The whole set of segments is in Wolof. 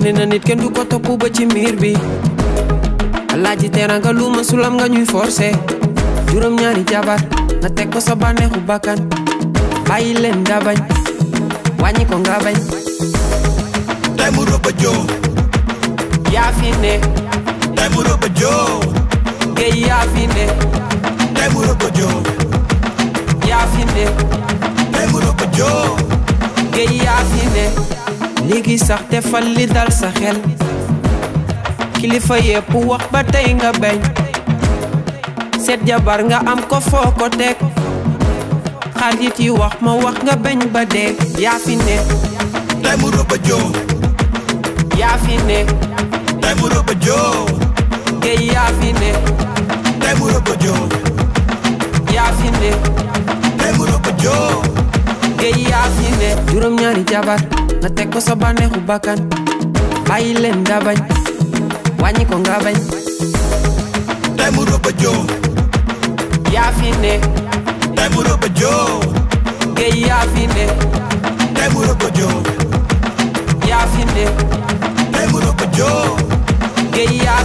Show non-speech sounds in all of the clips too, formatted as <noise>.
def nee na nit kenn du ko topp ba ci miir bi alaaji teranga lu ma sulam nga ñuy forcé juróom ñaari jabar nga teg ko sa bànneexu bakkan bàyyi leen nga bañ wàññi ko nga bañ tey mu rëbba joo yaa fi ne mu rëbba joo géej yaa fi ne mu rëbba joo yaa fi ne mu rëbba joo géej yaa fi ne léegi sax defal li dal sa xel kilifa yépp wax ba tey nga bañ set jabar nga am ko foo ko teg xarit yi wax ma wax nga bañ ba dee ya fi ne tey mu rëbb jo yaa fi ne tey mu rëbb jo géy yaa fi ne mu rëbb jo yaa fi ne mu rëbb jo géy yaa fi ne juróom ñaari jabar na teg ko sa bànneexu bàkkan bàyyi leen daa bañ wàññi ko nga bañ tey mu rëbb a yaa fi ne tey mu rëbb yaa fi ne tey mu rëbb yaa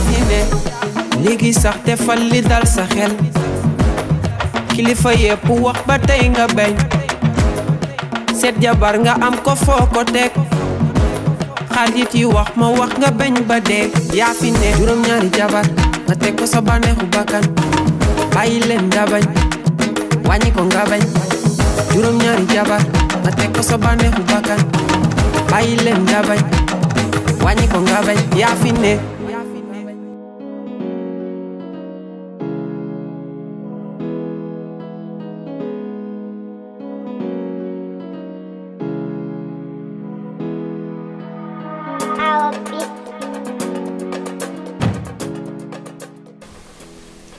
fi ne tey sax te fal li dal sa xel kilifa yépp wax ba tey nga bañ seet jabar nga am ko foo ko teg xarit yi wax ma wax nga bañ ba dee yaa fi ne juróom-ñaari jabar nga teg ko sa bànneexu bakkan bàyyi leen nga bañ wàññi ko nga bañ juróom-ñaari jabar nga teg ko sa bànneexu bakkan bàyyi leen nga bañ wàññi ko nga bañ yaa fi ne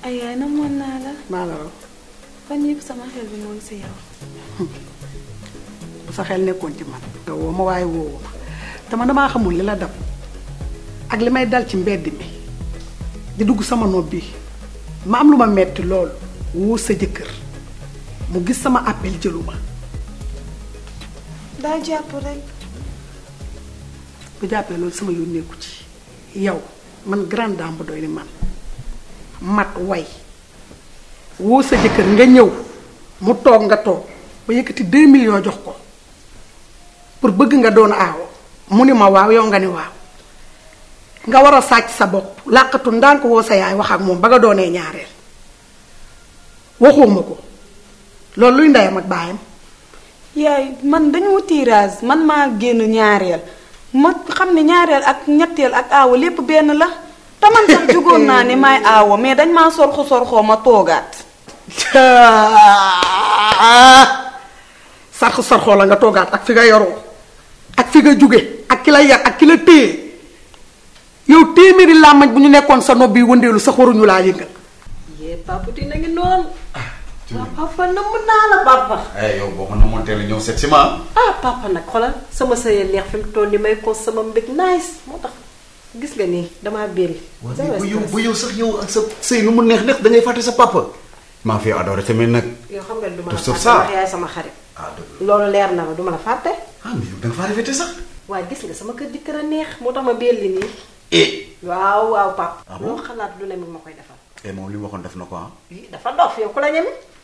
ay yaay namoon naa la. maa la raw. fan yëpp sama xel bi moo ngi si bu sa xel nekkoon ci man. nga woo ma waaye woowu ma te man damaa xamoon li la dab ak li may dal ci mbedd mi di dugg sama nopp bi ma am lu ma metti lool woo sa jëkkër mu gis sama appel jëlu ma. daa jàpp rek. bu jàppee loolu sama yoon nekku ci yow man grande dame bu doy ni man. mat way woo sa jëkkër nga ñëw mu toog nga toog ba yëkkati 2 millions jox ko pour bëgg nga doon aawo mu ni ma waaw yow nga ni waaw nga war a sàcc sa bopp làqatu ndànk woo sa yaay wax ak moom ba nga doonee ñaareel waxuma ko loolu luy ndeyam ak baayam yaay man dañoo tirage man maa génn ñaareel ma xam ne ñaareel ak ñetteel ak aawo lépp benn la dama sax jugoon na ni may awo mais dañ maa sorxo sorxoo ma toogaat sarxo sarxoo la nga togat ak fi nga yoro ak fi nga jugge ak ki la yar ak ki la téye yow téeméeri lamaj bu ñu sa nobi wëndelu sax waruñu la yëngal ye papa ti na ngi ah, papa namm na la papa eh yow boko na namoon teel ñew seet ma ah papa nak xolal sama sëye leex fi mu toll may ko sama mbik nice motax gis nga ni dama bel bu yow bu yow sax yow ak sa sey lu mu neex neex da ngay fàtte sa papa ma fi adoré tamit nak yow xam nga duma la sa yaay sama xarit lolu leer na duma la fàtte ah mais yow da nga faa rafete sax waa gis nga sama kër jëkkër neex motax ma bel ni eh waaw waaw pap mo xalat lu ne makoy defal eh mo li waxon def na ko ah dafa dof yow kula la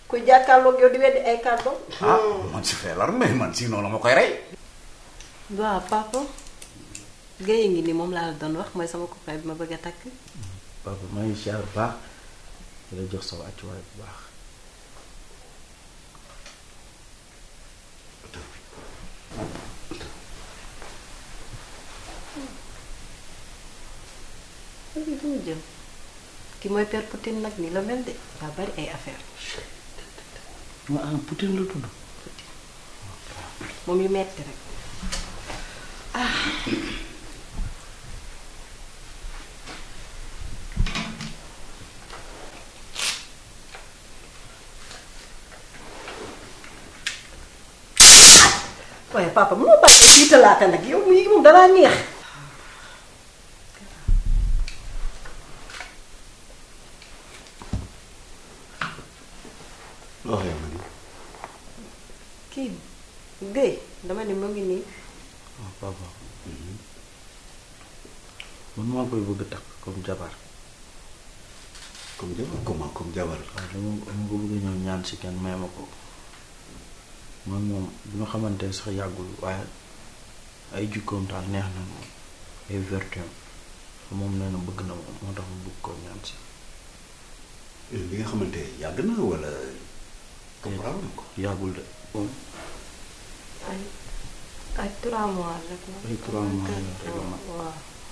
ku kuy yow di weddi ay cadeau ah man si feelar mais man si noonu la makoy ray rey papa Gaye ngi ni moom laa la doon wax mooy sama copain bi ma bëgg a takk. papa maa ngi bu baax di la jox ki mooy père Poutine nag ni la mel de daa bari ay affaire ma am ah, Poutine moom yu metti rek ah. papa mënoo bàyyi di talaata nag yow mii moom dalaa neex. loo xayma ni. kii Guèye dama ne mu ngi nii. Oh, papa man maa ko bëgg a takk comme jabar. comme jabar comment comme jabar. waaw dama ko bëgg ñaan si kenn may ma man moom bi ma xamante ne sax yàggul waaye ay jukkoom daal neex na moom ay vertu moom nee bëgg na moom moo tax mu bëgg ko ñaan si. Eh, nga xamante yàgg na wala. comprendre ko yàggul de bon.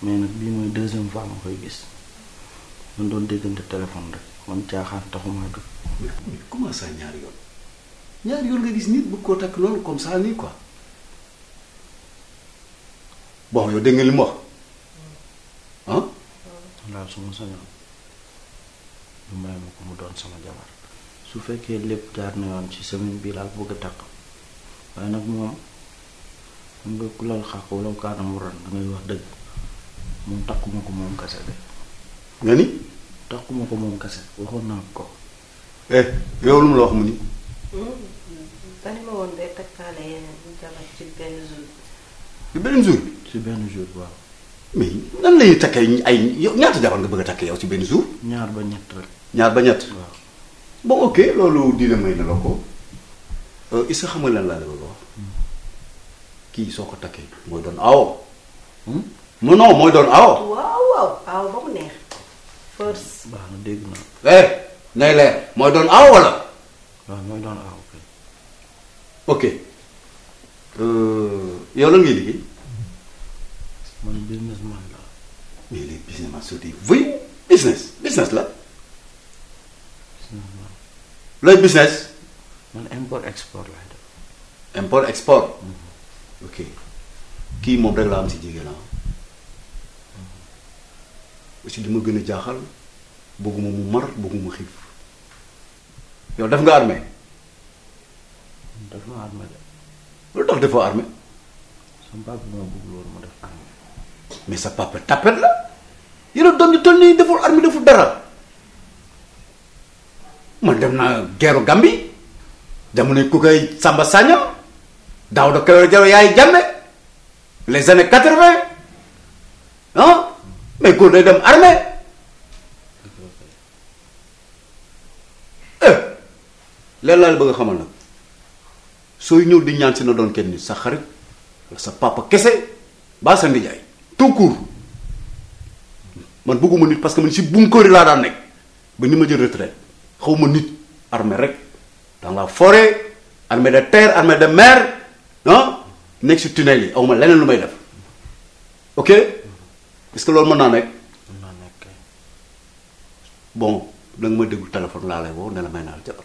mais nag bii mooy deuxième fois ma koy gis man doon déggante téléphone rek man caaxaan taxumaa dugg. mais comment ça ñaari yoon. ñaar yoon nga gis nit bëgg koo takk loolu comme ça nii quoi bon yow dégg nga li mu wax ah. daal su ma sañoon du may ma ko mu doon sama jabar su fekkee lépp jaar na yoon ci semaine bi laa bëgg a takk waaye nag moom xam nga ku lal xàq wala kaa na mu waroon da ngay wax dëgg moom takkuma ko moom kase de. nga ni. takkuma ko moom kase waxoon naa ko. eh yow ya, lu mu la wax mu ni. dañu mmh. ma woon day takkaale yeneen jabar ci benn jour. ci benn jour. ci ay yow ñaata jabar nga bëgg a takkee yow ci benn jour. ñaar ba ñett ñaar ba ñett. waaw bon ok loolu dina may na la ko. Euh, est-ce que xam laa la bëgg wax. kii soo ko takkee mooy doon awo. mu hmm? non mooy doon awo. waaw waaw awo ba mu neex. force. baax na dégg naa. eh nay leer mooy doon awo wala. Oke, mooy doon oke. Oke. yow man businessman la. mais les businessman sont des voyous business business la. businessman. business. man import export laay def. import export. oke. Ki moom rek laa am si jigéen la mhm. aussi li ma gën bëgguma mu mar bëgguma xiif. yow def nga armée def nga armée de loolu tax defoo armée sama papa moo bëgg loolu ma def armée mais sa papa tapet la yéen doom ñu toll nii deful armée deful dara man dem naa geeru Gambie jamono ku koy Samba Sagna daaw da Kayoor Jaro yaay jàmme les années quatre-vingt ah? day dem armée leen laa la bëgg a xamal ñëw di ñaan na doon kenn nit sa xarit wala sa papa kese baa sa ndijaay parce que si bunkoor laa daan ba ni ma jël xaw ma nit armée rek dans la forêt ah, yi aw ma leneen lu may def ok est loolu mën naa nekk. mën naa nekk bon danga téléphone laa lay woo ne may naa la jabar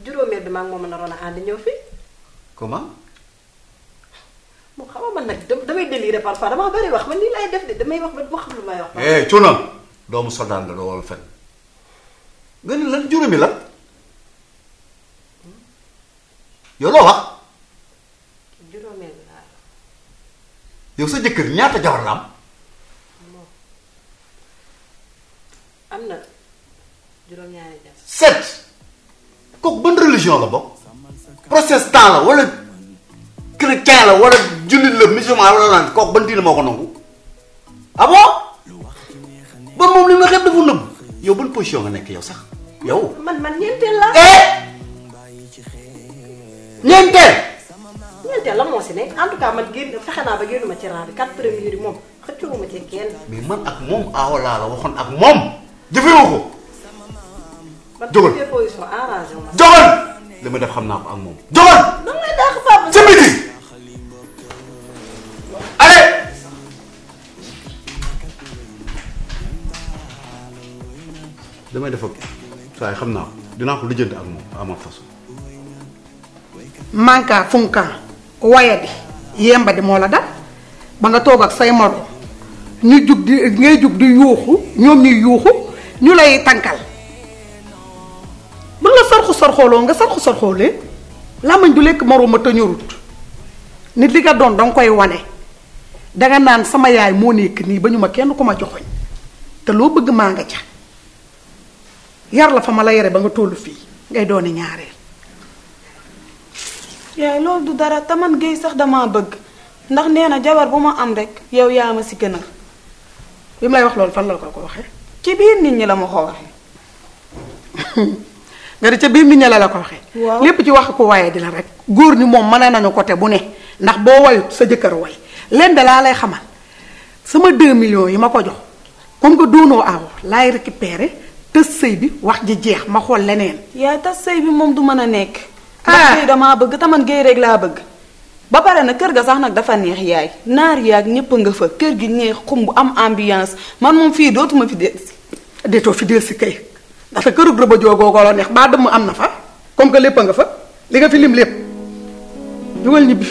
juróomeel bi maa mën moom naroon a ànd ñëw fii. comment. moom xam nag damay déliré parfois damaa bëri wax man nii lay def de damay wax ba wax lu may wax. eh Cuna doomu soldat nga doo war fen nga ni lan juróomi la yow loo wax. juróomeel bi laa yow sa jëkkër ñaata jabar la am. musulman la wala chrétien la wala jullit la musulman wala lan kooku ban diine moo ko nangu ah bon ba moom li nga xeeb dafa nëbb yow ban position nga nekk yow sax yow. man man ñeenteel la. Eh? ñeenteel. ñeenteel la moo si nekk en tout cas man génn fexe naa ba génn ma ci raadu quatre premiers yi moom xëccoo ma ci kenn. mais man ak moom aaw laa la waxoon ak moom jëfewu ko. jógal li ma def xam naa ko ak moom. jogal. da nga dàq papa. ci midi. allez. damay def ak saa xam naa ko dinaa ko lijjanti ak moom à ma façon. manka funka waya di yemba di moo la dal ba nga toog ak say moro ñu jug di ngay jug di yuuxu ñoom ñuy yuuxu ñu lay tànkal. sorxooloo nga sarxu sorxoolee làmmiñ du lekk moroom ma tëñurut nit li nga doon danga koy wane danga naan sama yaay moo nekk nii ba ñu ma kenn ku ma joxoñ te loo bëgg maa nga ca yar la fa ma la yare ba nga tollu fii ngay dooni ñaareel yaay loolu du dara te man géey sax dama bëgg ndax nee na jabar bu ma am rek yow yaa ma si gënal bi mu lay wax loolu fan la ko ko waxee ci biir nit ñi la mu ko waxee <laughs> nga di ca biir nit ña la la ko waxee. lépp ci wax ko waaye di la rek. góor ni moom mën nañu côté bu ne ndax boo wayut sa jëkkër way len da laa lay xamal sama 2 millions yi ma ko jox comme que doonoo aw laay récupérer tës sëy bi wax ji jeex ma xool leneen. yaay tas sëy bi moom du mën a nekk. ah sëy damaa bëgg taman géey rek laa bëgg. ba pare na kër ga sax nag dafa neex yaay naar yaag ñëpp nga fa kër gi neex xum bu am ambiance man moom fii dootuma fi des. deetoo fi si kay. ndax kërug rëba joo googoo la neex mbaa dëmm am na fa comme que lépp nga fa li nga fi lim lépp jugal ñibbi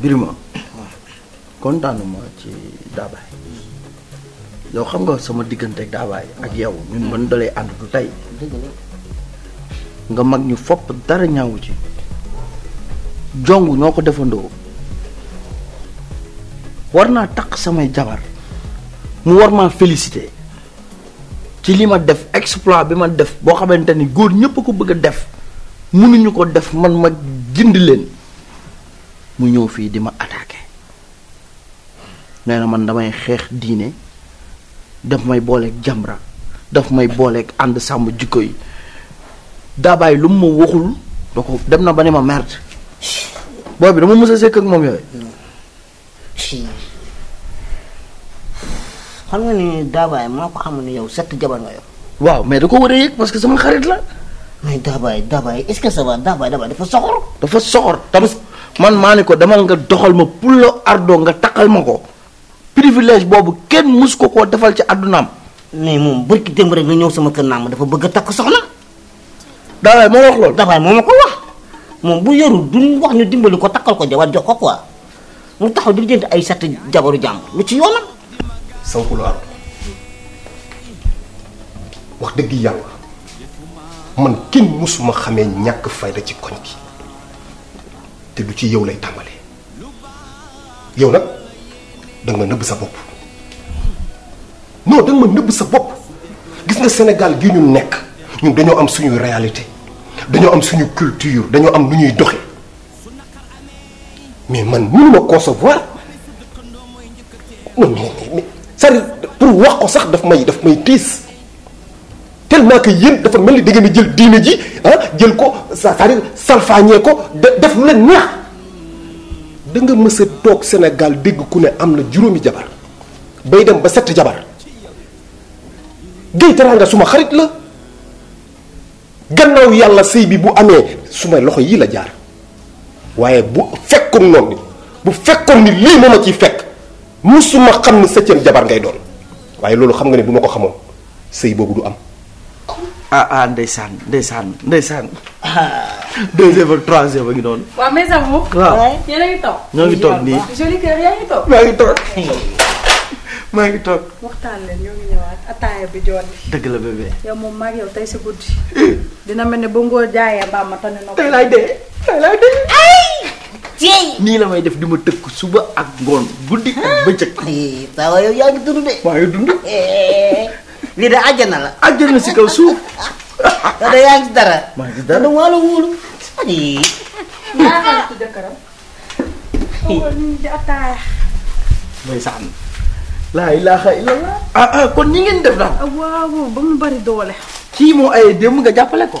birima kontaanuma ci daabay yow xam nga sama digënté ak daabaay ak yow ñun mën dalee and du tay nga mag ñu fop dara ñaawu ci jong ñoko defandoo warna tak sama jabar mu war ma félicité ci li ma def exploit bi ma def bo xamanteni goor ñepp ko bëgg def mënuñu ko def man ma gindi leen mu ñëw fi di ma attaquer nee man damay xex diiné daf may booleek Jamra dafa may booleek ànd sàmm jikko yi daabaay lu mu ma waxul doo ko dem na ba ne ma merde booy bi dama mës a sekk ak moom xam nga ni daabaay maa xamul ni yow sett jabar nga yow. waaw mais da ko war a yëg parce que sama xarit la. mais daabaay daabaay est que ça va daabaay dafa soxor. dafa soxor tam man maa ne ko demal nga doxal ma pulo ardo nga taqal ma ko. privilège bobu kenn mus ko koo defal ci adunaam mais mom barki dem rek nga ñew sama kër naam dafa bëgg tak takk soxna daawaay mo wax lool daawaay moo ma wax mom bu yorul duñ wax ñu dimbali ko takal ko jawat jox ko quoi mu taxaw di jënd ay sat jabaru jàmm lu ci yoonam ko ar wax deug yalla man kenn musuma xamé ñak fayda ci koñ bi te du ci yow lay tambalé yow nak da ma nëbb sa bopp non da ma nëbb sa bopp gis nga Sénégal gi ñu nekk ñun dañoo am suñuy réalité dañoo am suñu culture dañoo am lu ñuy doxe mais man mënu ma concevoir man mais cest à pour wax ko sax daf may daf may tiis tellement que yéen dafa mel ni da ngeen di jël diine ji ah, jël ko c'est-à-dire salfaañee ko def lu leen neex. da nga mës a toog Sénégal dégg ku ne am na juróomi jabar bay dem ba sett jabar Gueye Teranga suma xarit la gannaaw yàlla sëy bi bu amee suma loxo yii la jaar waaye bu fekkoon noonu bu fekkoon ni lii moom a ciy fekk musuma xam ni septième jabar ngay doon waaye loolu xam nga ne bu ma ko xamoon sëy boobu du am. ah ah desan, desan. ndeysaan. deuxième ak troisième ba ngi doon. waaw mais ça vous. waaw yéen a ngi toog. ñoo ngi toog nii. joli kër yaa ngi toog. maa ngi toog maa ngi toog. waxtaan leen ñoo ngi ñëwaat ataaya bi jooni. dëgg la bébé. yow moom maa yow tey si guddi. dina mel ne bu ngoo jaayee ba ma tane nokk. tey laay dee tey laay dee. ay jéy. nii la may def di ma tëkk suba ak ngoon guddi ak bëccëg. waaw yow yaa ngi dund de. maa ngi dund. lii de àjjana la. àjjana si kaw suuf. da <laughs> da yaa ngi dara. maa ngi dara da maa la wóolu. ayii. maa ngi ko jëkkëram. mooy sax laa ilaaha illallah. ah ah kon ñi ngeen def ah, waaw ba mu bari doole. kii moo ay démb nga jàppale ko.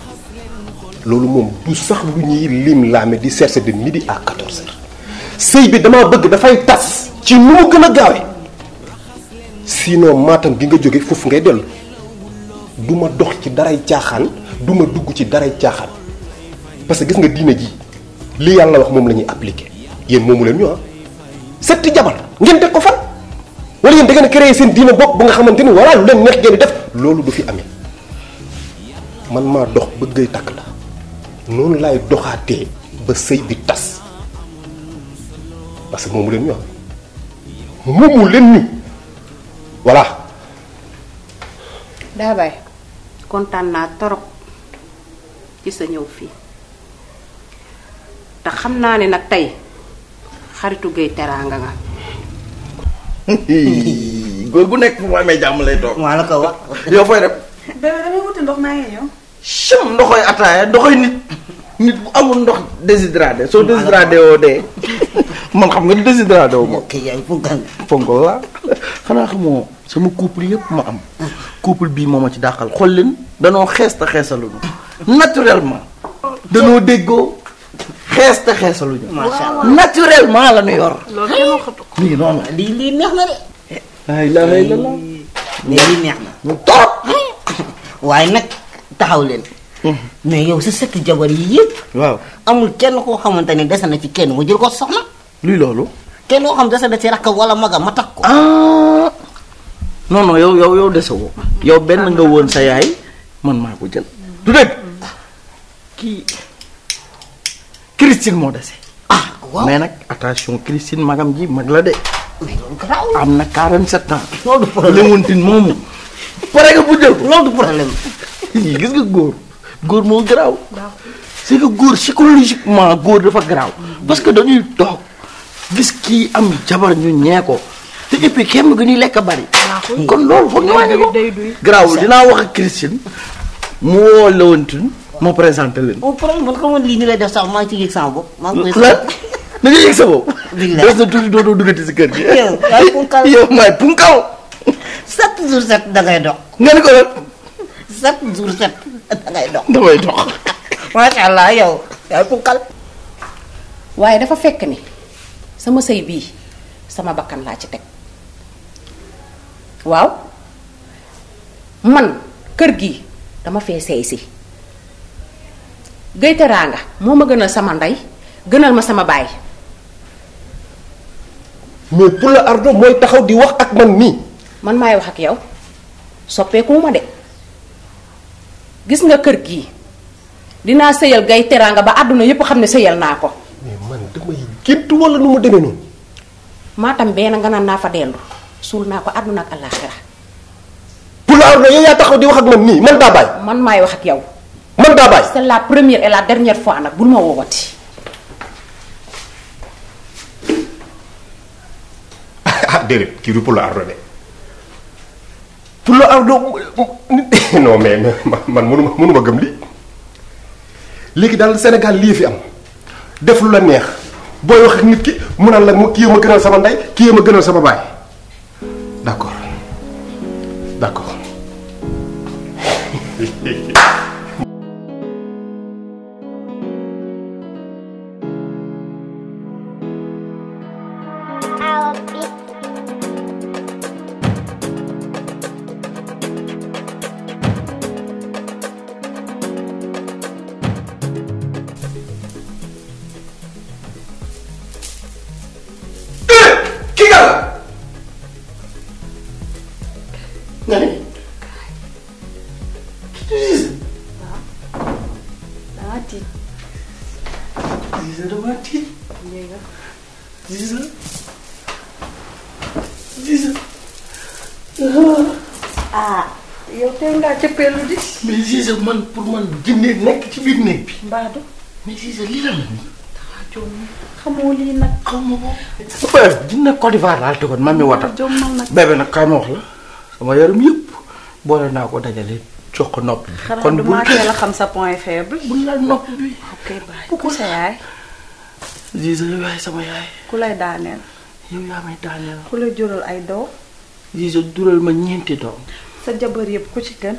lolu mom du sax lu ñuy lim laame di cercer de midi à 14 h sey bi dama bëgg da fay tass ci nu mu gëna a sino sinon maatam bi nga joggé foofu ngay del duma dox ci daray caaxaan duma dugg ci daray caaxaan parce que gis nga diine ji li yalla wax mom lañuy appliquer yeen momu moomu leen ñu ha ah. setti jabal ngeen tek ko fa wala yeen da ngeen créer créé seen diine bopp bu nga xamanteni wala lu leen neex ngeen def lolu du fi amé man ma dox bëggay takk la noonu laay doxaatee ba sëy bi tas parce que moom leen ñu am ah. leen ñu voilà. daa kontaan naa torop ci sa ñëw fii te xam naa ne nag tey xaritu géey teraanga nga. <laughs> góor nekk fu mu amee jàmm lay toog. maa la ko wax. yow fooy def. bébé damay wuti ndox maa ngi ñëw. chum ndoxoy ataaya ndoxoy nit. nit bu amul ndox déshydraté soo déshydraté woo dee man xam nga déshydraté woo moom. fonkal laa xanaa xamoo sama couple yëpp ma am. couple bii moo ma ci dàqal xool leen danoo xees te xeesaluñu naturellement danoo déggoo xees te xeesaluñu. naturellement la ñu yor. loolu kenn noonu lii lii neex na de. la neex na. mu torop waaye nag taxaw leen. mais yow sa setu jabar yi yëpp. waaw amul kenn koo xamante ne dese na ci kenn mu jël ko soxna. luy loolu. kenn koo xam dese na ci rakkam wala magam ma takk ko. Ah. non non yow yow yow dese woo. yow benn nga woon sa yaay man maa ko jël. du dëgg kii Christine moo dese. ah mais nag attention Christine magam ji mag la de. am na 47 ans. loolu du problème Léontine moomu. pare nga bu jël loolu du problème. gis nga góor. góor moo garaaw. c'est que góor psychologiquement góor dafa garaaw. parce que dañuy toog gis kii am jabar ñu ñee ko te et puis kenn gënuy lekk bari. kon loolu foog ñu wàññi ko garaawul dinaa wax ak Christine mu woo Léontine ma présenté leen. au problème man comme lii ni lay def sax maa ngi ciy yëg sama bopp. maa ngi koy lan na nga yëg sa bopp. des na tuuti dootoo duggati si dox. nga ni ko lan. dog damay dox <laughs> macha allah yow ya. yaay punkal waaye dafa fekk ni sama sëy bii sama bakkan laa ci teg waaw man kër gi dama fee seey si géy teraanga moo gënal sama ndey gënal ma sama baay mais pour la ardo mooy taxaw di wax ak man nii man maay wax ak yow ya. soppeeku ma de gis nga kër gi dina seyal gay teranga ba aduna yépp xamne seyal nako mais man damay gintu wala numu demé non matam ben nga nan na fa delu sul nako aduna ak alakhirah pulaar na ya taxaw di wax ak man ni man da bay man may wax ak yow man da bay c'est la première et la dernière fois nak bu ma wowati <laughs> ah dedet ki du pour loo am loo <coughs> non mais man mënu ma mënu gëm lii léegi daal Sénégal lii fi am def lu la neex booy wax ak nit ki mu naan la kii ma gënal sama ndey kii ma gënal sama baay d'accord d'accord. <laughs> pellu di. mais Ziza man pour man jinne nekk ci biir néeg bi. Mbadou. mais Ziza lii la la nii. damaa jox xamoo lii nag xaw ma ko. ba dina Côte d'Ivoire laal te kon maa mi watal. bébé nag kaay ma wax la sama yaram yëpp boole naa ko dajale jox ko noppi. kon bu xanaa du maa la xam sa point faible. bu la noppi bi. ok baay ku sa yaay. Ziza yow yaay sama yaay. ku lay daaneel. yow yaa may daaneel. ku lay jural ay doom. Ziza jural ma ñeenti doom. sa jabar yëpp ku ci gën.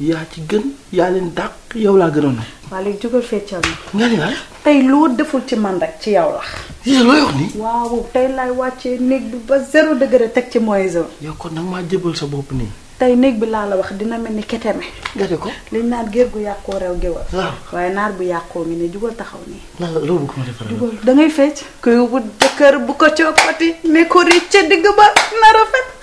yaa ci gën yaa leen dàq yow laa gënoon nag. waaw léegi jógal feccal ma. nga ni waay. tey loo deful ci man rek ci yow la. yéen looy wax nii. waaw tey laay wàccee néeg bi ba zéro degré teg ci moyenne zone. yow kon nag maa jébal sa bopp nii. tey néeg bi laa la wax dina mel ni keteme. gerte ko liñ naan géer gu yàqoo rew géwal. waaw ah. waaye naar bu yàqoo ngi ne jugal taxaw nii. jugal da fecc. kuy wut jëkkër bu ko coppati ne ko ricc digg ba na rafet.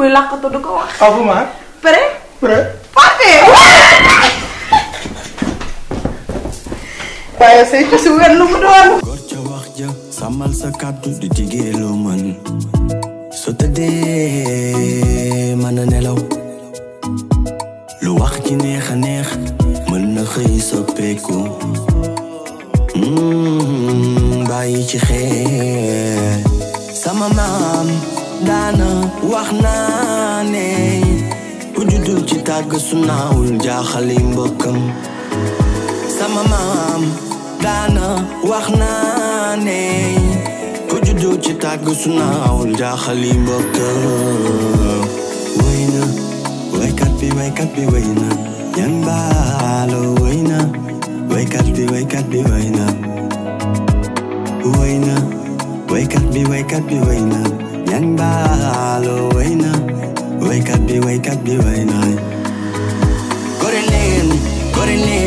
koy lak du ko wax aw ma pré pré parfait waye ya, sey ci su wer lu mu doon gor ca wax ja samal sa kaddu di dige lo man so tede man nelaw lu wax ci neex neex mën na xey soppeku hmm, bayyi ci xel sama mam naana wax naa ne ku juddul ci tàgg su naawul jaaxali mbokkam sama maam daana wax naa ne ku juddul ci tàgg su naawul jaaxali mbokkam wëy wake waykat bi waykat bi wëy na yan baalo wëy na waykat wake waykat bi wëy na wëy na waykat bi Yang bahalo wayna Wake up be wake up Go to name, go to name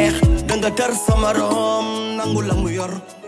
neex danga tër sama rom nangu la mu yor